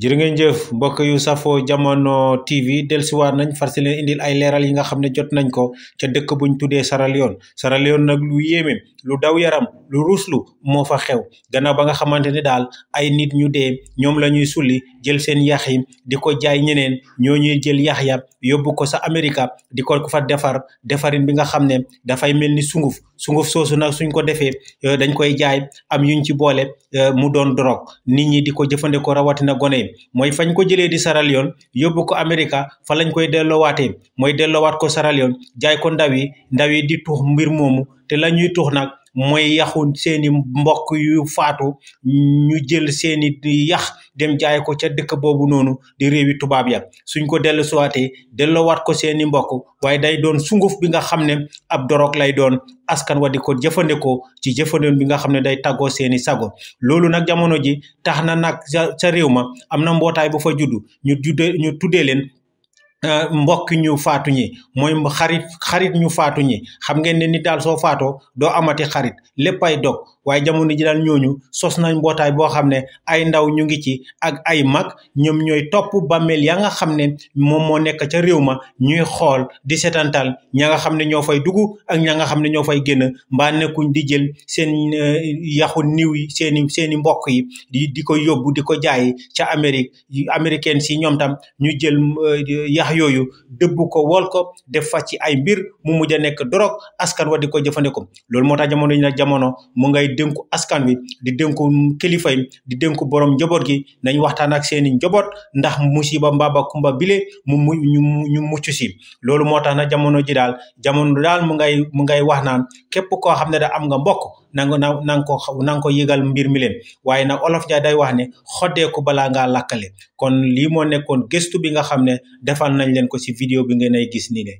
jërë ngeen jëf mbokk yu safo jamono tv dellusiwaat nañ farce si leen indil ay leeral yi nga xam ne jot nañ ko ca dëkk buñ tuddee Sierra Leone nag lu yéeme lu daw yaram lu ruuslu moo fa xew dana ba nga xamante ne daal ay nit ñu dee ñoom la ñuy sulli jël seen yax yi di ko jaay ñeneen ñoo ñuy jël yax ya yóbbu ko sa Amérique di ko fa defar defarin bi nga xam ne dafay mel ni sunguf sunguf soosu nag suñ ko defee euh, dañ koy jaay am yuñ ci boole euh, mu doon drogue nit ñi di ko jëfandikoo rawatina gone jëlee mooy fañ ko jëlee di saral yoon yóbbu ko Amerika fa lañ koy delloowaatee mooy delloowaat ko saral yoon jaay ko ndaw yi ndaw yi di tuux mbir moomu te la ñuy tuux nag mooy yaxu seeni mbokk yu faatu ñu jël seeni yax dem jaay ko ca dëkk boobu noonu di réewi tubaab ya suñ ko dellu suwaatee delloowaat ko seeni mbokk waaye day doon sunguf bi nga xam ne ab dorog lay doon askan wa di ko jëfandikoo ci jëfandoon bi nga xam ne day tàggoo seeni sago loolu nag jamono ji tax na nag ca réew ma am na mbootaay bu fa juddu ñu judde ñu tuddee leen Euh, mbokk ñu faatu ñi mooy xarit xarit ñu faatu ñi xam ngeen ne nit daal soo faatoo doo amati xarit léppay dog waaye jamono ji daal ñooñu sos nañ mbootaay boo xam ne ay ndaw ñu ngi ci ak ay mag ñoom ñooy topp bàmmeel ya nga xam ne moom moo nekk ca réew ma ñuy xool di seetantal ña nga xam ne ñoo fay dugg ak ña nga xam ne ñoo fay génn mbaa nekkuñ di jël seen eh, yaxu niw yi seen i mbokk yi di di ko yóbbu di ko jaayi ca Amérique américaine si ñoom tam ñu jël eh, yax yooyu dëbb ko wol ko def fa ci ay mbir mu mujj a nekk dorog askan wa di ko jëfandikoo loolu moo tax jamono jamono mu Di askan wi di dénku kilifa yi di dénku borom njobot gi nañ waxtaan ak seeni njobot ndax musiba mbaba kumba bile mu ñu muccu si loolu moo tax na jamono ji daal jamono daal mu ngay mu ngay wax naan képp koo xam ne da am nga mbokk nang na nang ko nang ko yegal mbir mi len waye nak olof ja day wax ne ko bala nga lakkale kon li mo nekkon gestu bi nga xamne defal nañ len ko ci video bi ngay gis ni ne